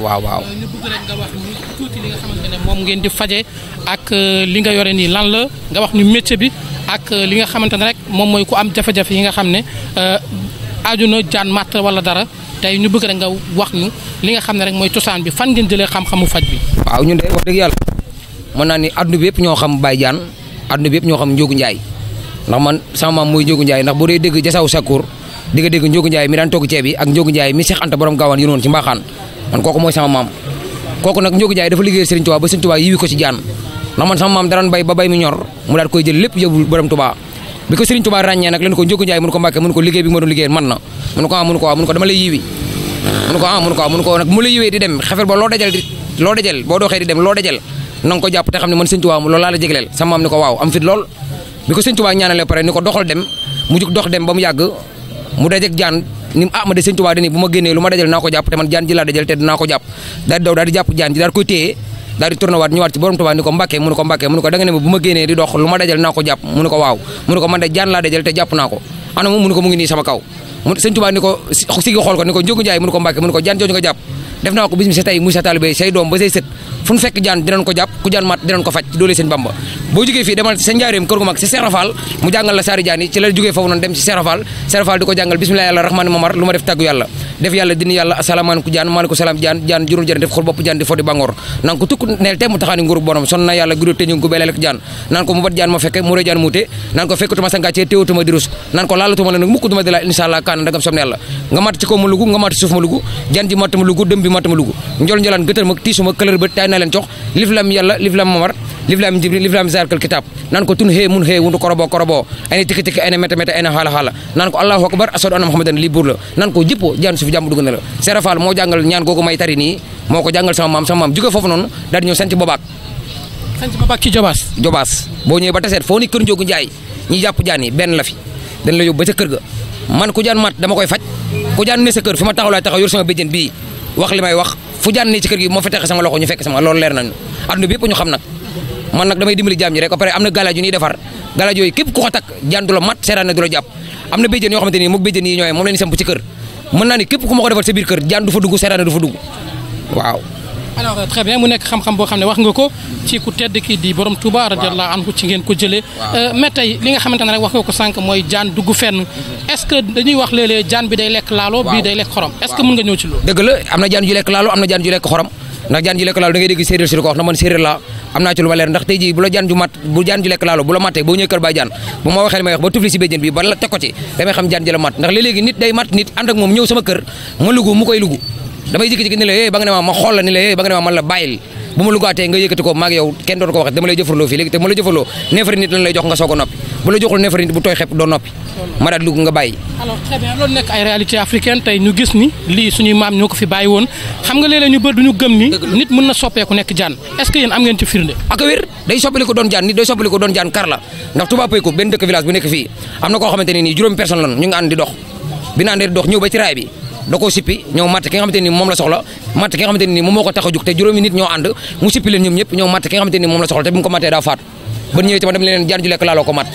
Wow wow. ñu bëgg rek nga wax ñu tuuti li nga xamante moom ngeen di faje ak euh, li nga yore nii lan la nga wax ñu métier bi ak euh, li nga xamante rek moom mooy ku am jafe-jafe yi nga xam ne euh, aju jaan màtt wala dara tey ñu bëgg rek nga wax ñu li nga xam ne rek mooy cosaan bi fan ngeen jëlee xam-xamu faj bi waaw ñun de wax dëgg yàlla mën naa ni àdduna bi yëpp ñoo xam Jaan àdduna bi yëpp ñoo xam Njóogu Njaay ndax man sama maam mooy Njóogu Njaay ndax boo dee dégg jasaw sakkur di nga dégg Njóogu Njaay mi daan togg ceeb yi ak Njóogu Njaay mi Seex Anta borom ci man koku moy sama mam, koku nak ñogu jaay dafa liggéey Serigne Touba ba Serigne Touba yiwi ko ci jaan na man sama mam, daan bay ba bay mi ñor mu daal koy jël lepp yóbbu borom Touba bi ko Serigne Touba ràññee nak leen ko ñogu jaay mun ko mun ko liggéey bi mo do liggéey man na mun ko ah mun ko ah mun ko dama lay yiwi mun ko ah mun ko am ah, mun ko nak mu lay yiwé di dem xefet ba lo dajal lo loo dajal boo doxee di dem lo dajal nang ko japp te xamni man Serigne Touba la jéglél sama mam niko waw am fit lool bi ko Serigne Touba ñaanalé paré niko doxal dem mu juk dox dem ba mu yàgg mu dajek jaan ni ah ma de sëñ Tuubaa dani bu ma génnee lu ma dajal naa ko jàpp te man jaan ji laa dajal te dinaa ko jàpp daal di daw daal jaan ji daal koy téye daal di tourné waat ci borom Tuubaa ni ko mbàkkee mu ko mbàkkee mu ko da ne ma bu ma génnee di dox lu ma dajal naa ko jàpp mu ko waaw mu ko man de jaan laa dajal te jàpp naa ko ana mu ne ko mu ngi nii sama kaw sëñ ni ko sigi xool ko ni ko njógu njaay mu ko mbàkkee mu ko jaan jooju nga jàpp def naa ko bis mi sa tey muy sa say doom ba say set fu fekk jaan dinañ ko japp ku jaan mat dinañ ko faj doole sen bamba bo jógee fi demal sa njaareem ko mak ci Serafal mu jangal la sari jaan ci la fofu non dem Serafal Serafal di ko jàngal bismillah yalla rahman mamar luma def tagu yalla def yàlla yalla assalamu alaykum jaan maliku salam jaan jaan juróom jaan def xol bop jaan di fodi bangor nan ko tukku neel te taxani nguru bonom son na yalla gudó teñu ko belalek jaan nan ko mu bat jaan mo fekke mu re jaan muté nan ko fekkutuma sanga ci teewutuma dirus nan ko lalatuma nak nag mukk inshallah kan ndagam som yalla nga mat ci ko nga mat suuf jaan ji mat lugu bi matuma dugg njol njolaan gëtal mag tiisuma këlër ba tay jox liflam yàlla liflam mamar liflam jibril liflam zarkal kitab nan ko tun he mun he wundu korobo korobo ene tiki tiki ene mete mete ene hala hala nan ko allahu akbar asadu anna muhammadan li bur la nan ko jippo jaan suuf jam dugg na la serafal mo jangal ñaan googu may tari nii moo ko sama mam sama mam jóge fofu non dal di ñëw bobak bobaak bobak ci jobas jobas bo ñëwee ba taseet fo ni keur njóogu njaay ñi japp jani ben la fi dañ la yob ba ca keur ga man ku jaan mat dama koy fajj ku jaan ne sa keur fima taxaw laa taxaw yor sama bejeen bi wax limay wax fu jaan ci kër gi mo fa tax sama loxo ñu fekk sama lool leer nañu adduna bi yëpp ñu xam nak man nak damay dimbali jam ñi rek ba amna am ñi defar ku ko tak du mat seeraan du la japp amna bejeen yo xamanteni mo ni yi ñoy mom leen samp ci kër mën na ni kep ku mako ko sa biir kër jaan du fa dugg du fa dugg waaw alors euh, très bien mu nekk xam-xam boo xam ne wax nga ko ci ku tedd kii di borom Touba radiallahu anhu ci ngeen ko jëlee euh, mais li nga xamante ne rek wax nga ko sànq mooy jaan dugg fenn est-ce que dañuy wax léeg jaan bi day lekk laalo bii day lekk xorom est-ce que nga ñëw ci loolu dëgg la am na jaan ju lekk laalo am na jaan ju lekk xorom ndax na man séeréer laa am naa ci lu ma bu la jaan ju mat bu jaan ju lekk laalo bu la mattee boo ñëwee kër baay jaan bu ma waxee li may ba tufli si béjjën bi ba la teg ci damay xam jaan ji mat ndax léeg nit day mat nit ànd ak moom sama kër ma lugu mu dama jékki-jékki ni la eh, ba nga ne ma ma xool la ni eh, la ba nga ne ma man la bayil bu ma lugaatee nga yëkëti ko mag yow kenn doon ko wax dama lay jëfandoo fi légui té ma la jëfandoo neefere nit lan lay jox nga soko nopi bu la joxul neefere nit bu toy xép do nopi ma daal lug nga bayyi alors très bien lool nek ay réalité africaine tay ñu gis ni li suñu maam ñoko fi bayyi won xam nga léeg ñu bër duñu gëm ni nit mëna soppé ku nek jaan est-ce que yeen am ngeen ci firnde ak wër day soppali ko doon jaan nit day soppali ko doon jaan kar la ndax pay ko ben dëkk village bu nek fi amna ko xamanteni ni juroom personne lan ñu ngi ànd di dox bi na dox ñew ba ci raay bi da koo sippi ñëw matt ki nga xamante ni moom la soxla matt ki nga xamante moom moo ko tax a jug te juróomi nit ñoo ànd mu sippi ñoom ñëpp ñëw matt ki nga moom la soxla te bu mu ko mattee daa faatu ba ñëwee ci ma dem leneen jaan ju lekk laaloo ko matt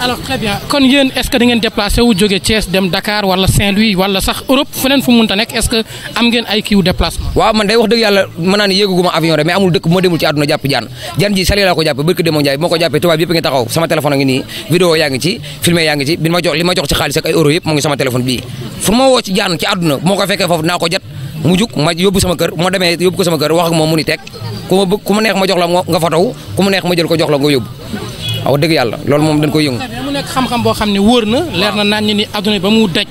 alors très bien kon yéen est ce que da ngeen déplacé wu jóge Thiès dem Dakar wala Saint-Louis wala sax Europe feneen fu munta nekk est ce que am ngeen ay kiiw déplacement waaw man day wax dëgg yàlla mën naa avion rek mais amul dëkk moo demul ci àdduna jàpp jaan jaan ji sali laa ko jàpp bërki demo Njaay moko ko tuba tubaab ngi taxaw sama téléphone ngi nii vidéo yaa ngi ci filmé yaa ngi ci bi ma jox li ma jox ci xaalis ak ay euro yëpp mu ngi sama téléphone bi fu ma woo ci jaan ci àdduna moo ko fekkee foofu naa ko jat mu jug ma yóbbu sama kër ma demee yóbbu ko sama kër wax ak moom mu ni teg ku neex ma jox la nga fotow kuma ma neex ma jël ko jox la nga yóbbu aw deug yalla loolu mom dañ ko yëngu mu nek xam-xam bo xamni ne na leer na naan ni aduna ba mu daj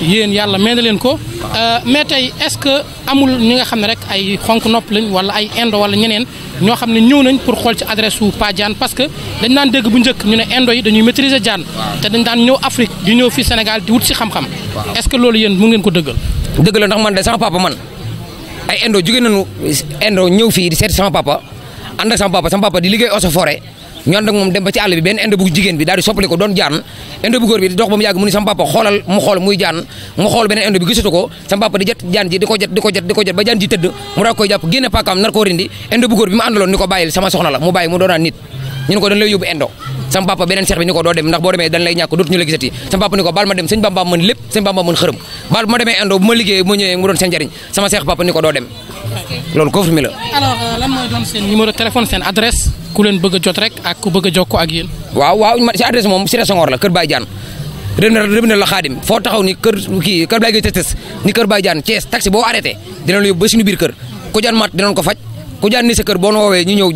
yeen yalla meena len ko euh mais tay est-ce que amul ñi nga xamni rek ay xonk nopp lañ wala ay endo wala ñeneen ño xamni ñew nañ pour xol ci adresse wu Pa Diane parce que dañ nan deug bu njëkk ñu ne endo yi dañuy maîtriser Diane te dañ dan ñew Afrique di ñew fi Sénégal di wut ci xam-xam est-ce que loolu yeen mu ngeen ko deugal deugal ndax man de sama papa man ay endo jugé nañu endo ñew fi di seet sama papa ànd ak sama papa sama papa di liggéey Eaux forêt ñoon nak mom dem ba ci all bi ben ende bu jigen bi daal di soppali ko doon jaan ende bu goor bi di dox bam yag yàgg mu ni sama papa xolal mu xol muy jaan mu xol benen ende bi gisatu ko papa di jet jaan ji di ko jet di ko jet di jet ba jaan ji tëdd mu daal koy jàpp génne paakaam nar ko rindi ende bu goor bi mu andalon niko bayil sama soxna la mu bayi mu doona nit ñu ko dañ lay yóbbu endo sam papa benen seex bi ni ko dem ndax bo demé dañ lay ñak dut ñu la gisati sam papa niko bal ma dem señ bamba mën lepp señ bamba mën xërem bal ma demé endo bu ma liggéeyee mu ñëwé mu doon señ jariñ sama seex papa niko do doo dem loolu confirmé la alors euh, lan moy doon sen numéro téléphone sen adresse ku leen bëgg a jot rek ak ku bëgg a jokkoo ak waaw waaw si adresse moom si Senghor la Kër Baye Diagne rëb na la xaadim foo taxaw ni kër kii Kër Baye Gueye tës ni boo arrêté dinañ la yóbbu ba suñu biir kër ku jaan mat dinañ ko faj ku jaan ni sa kër boo nu woowee ñu ñëw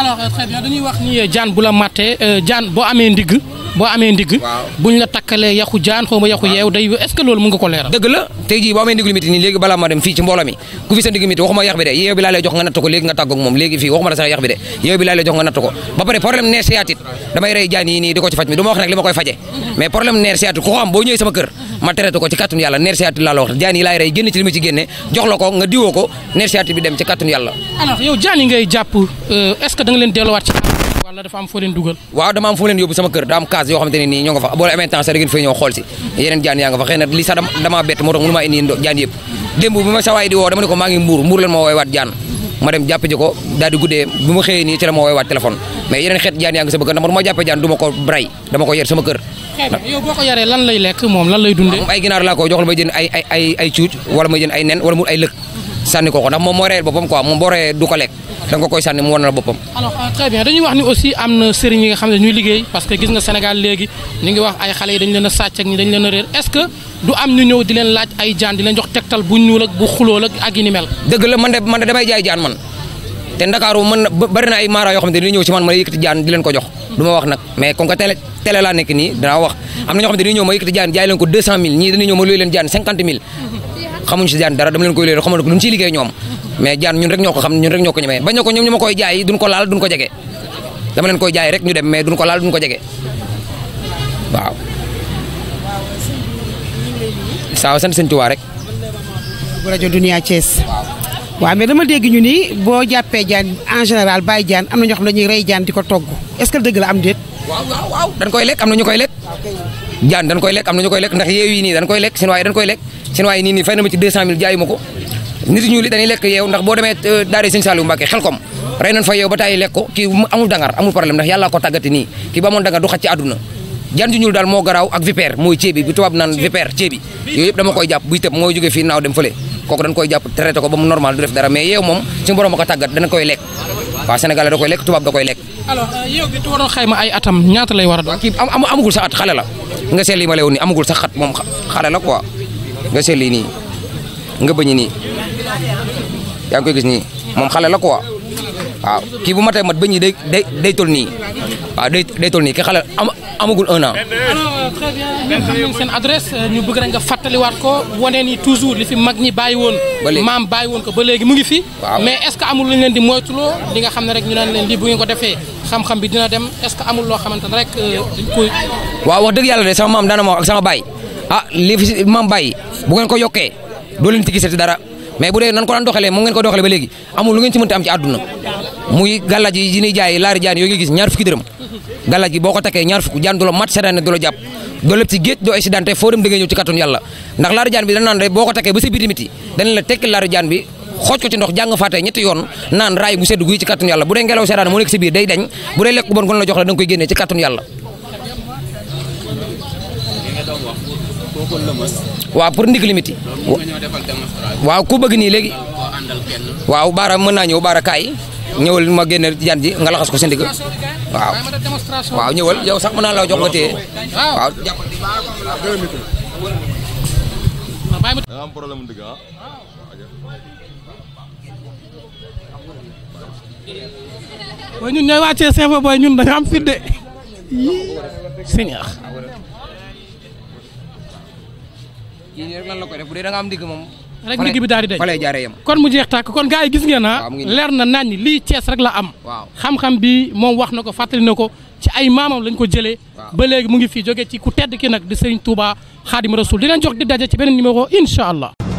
a jaan bu la mattee euh, jaan boo amee ndigg bo amé ndig buñ la takalé yaxu jaan xoma yaxu yew day est ce que loolu nga ko leeral deug la tey jii boo miti ni légui bala ma dem fi ci mbolami mi ku fi sa ndig miti waxuma yax bi dé yew bi la lay jox nga natako légui nga tagok mom légui fi waxuma sa yax bi dé yew bi la lay jox nga natako ba paré problème né séatit damay ray jaan yi ni diko ci fajj mi duma wax nag li ma mais problème né siyaatit ko am bo ñëw sama kër ma traité ko ci katun yalla né siyaatit la la wax jaan yi lay ray génn ci ci génné jox la ko nga diwoo ko neer bi dem ci katun yalla alors yow jaan yi ngay euh, est ce que da nga délo wat ci wala dafa am foo leen dugal wa dama am foo leen yóbbu sama kër daa am case yoo xamante ne nii ñoo nga fa boo la amee temps sax da ngeen fay ñëw xool si yeneen jaan yaa nga fa xëy na li sax dama bett moo tax mënu maa indi jaan yëpp démb bi ma sawaay di woo dama ne ko maa ngi mbuur mbuur leen moo woy waat jaan ma dem jàpp ji ko di guddee bi ma xëyee ci la ma woy waat téléphone mais yeneen xeet jaan yaa ngi sama kër ndax man ma jaan du ko bray dama ko yer sama kër yow boo ko yaree lan lay lekk moom lan lay dundee moom ay ginaar laa ko jox la may jënd ay ay ay ay cuuj wala may jënd ay nen wala mu ay lëkk sànni ko ko ndax moom moo reyal boppam quoi moom boo reyee du ko lekk da nga koy sànni mu wan la boppam. alors euh, très bien dañuy wax ni aussi am na sëriñ yi nga xam ne ñuy liggéey parce que gis nga Sénégal léegi ñu ngi wax ay xale yi dañu leen a sàcc ak ñi dañu leen a réer est-ce que du am ñu ñëw di leen laaj ay jaan di leen jox tegtal bu ñuul bu xulool ak ak yi ni mel. dëgg la man de man de jaay jaan man te Ndakaaru man na ay maara yoo xam ne ñëw ci man ma yëkkati jaan di leen ko jox du wax nag mais comme que télé télé nekk nii danaa wax am na ñoo xam ne dañuy ñëw jaan jaay leen ko 200000 ñii dañuy ñëw ma luy leen jaan 50000 xamuñ si jaan dara dama leen koy luy xamuñ lu ñu ñoo ko xam ñun rek ñoo ko ñemee ba ñoo ko ñoom ñu ma jaay duñ ko laal duñ ko jege dama leen koy jaay rek ñu dem mais duñ ko laal duñ ko jege waaw saa sant sëñ Tuubaa rek bu rajo Dunia Thiès waaw mais dama dégg ñu ni boo jàppee jaan en général bàyyi jaan am na ñoo xam dañuy rey jaan di ko togg est ce que dëgg la am déet waaw waaw waaw dañ koy lekk am na ñu koy lekk jaan dañ koy lekk am na ñu koy lekk ndax yeew yi nii dañ koy lekk sinuwaay dañ koy lekk nii nii fay na ma ci 200000 jaayu ma ko nit ñu li dañuy lekk yeew ndax boo demee euh, daare sëñ Saliou Mbacke xel kom rey nañ fa yeew ba tàyyi lekk ko kii amul dangar amul problème ndax yàlla ko tàggati nii kii ba amoon dangar du xaj ci àdduna ju daal moo garaaw ak vipère mooy ceebi bi tubaab naan vipère ceebi yooyu yëpp dama koy jàpp buy tëb mooy jóge fii naaw dem fële kooku dañ koy japp traité ko ba normal du def dara mais yeew mom ci borom ko tagat dana koy lek wa Sénégal da koy lek tubab da koy lek alors gi bi waro xayma ay atam ñaata lay wara a doon. am amugul sax at xalé la nga seet li ma ni amugul nii sax xat mom xalé la quoi nga li ni nga bañ ni gis ya, ni mom xalé la quoi. waaw kii bu mat mat ba ñii day day day toll nii waaw day day toll nii ki xale amagul un an. alors euh, très bien ñun seen adresse euh, ñu bëgg na nga fàttaliwaat ko wane ni toujours li fi mag ñi bàyyi woon. ba léegi maam bàyyi woon ko ba léegi mu ngi fi. mais est ce que amul lu ñu leen di moytuloo li nga xam ne rek ñu naan leen lii ko defee xam-xam bi dina dem est ce loo xamante ne rek euh, dañ koy. waaw wax dëgg yàlla de sama maam daana ma ak sama baay ah lii fi maam bàyyi bu ngeen ko yokkee doo leen ci gisati dara mais bu dee nan ko daan doxalee moom ngeen ko doxalee ba léegi amul lu ngeen ci mënta am ci àdduna muy galaji yi ni jaay laari jaan yo ngi gis ñaar fukki deureum galaji boko takke ñaar fukku jaan du mat seetaan du la jàpp doo lépp ci geet do accidenté forum de da ngay ci katun yalla ndax laari jaan bi dañ nan rek boko takke bu ci si biir miti dañ la tek laari jaan bi xoj ko ci ndox jang faatee ñetti yoon nan raay gu sedd gu ci katun yalla bu de ngelaw seetaan mo nek ci biir day dañ bu de lek bon gon la jox la dang koy genné ci katun yalla wa pour ndig limiti wa ku bëgg ñëwal ma génne jaan ji nga laxas ko sa ndigg waaw waaw ñëwal yow sax mëna naa la jox nga téye waaw jàppal boy ñun sefa boy ñun am seigneur lan la def bu da nga am rek nit bi daal di dañ kon mu jeex tàkk kon gars yi gis ngeen ah leer na naan ñi lii Cees rek la am xam-xam bi moom wax na ko fàttali na ko ci ay maamam lañ ko jëlee ba léegi mu ngi fii jógee ci ku tedd ki nag di Serigne Touba Khadim Rasoul dinañ jox di daje ci beneen numéro incha allah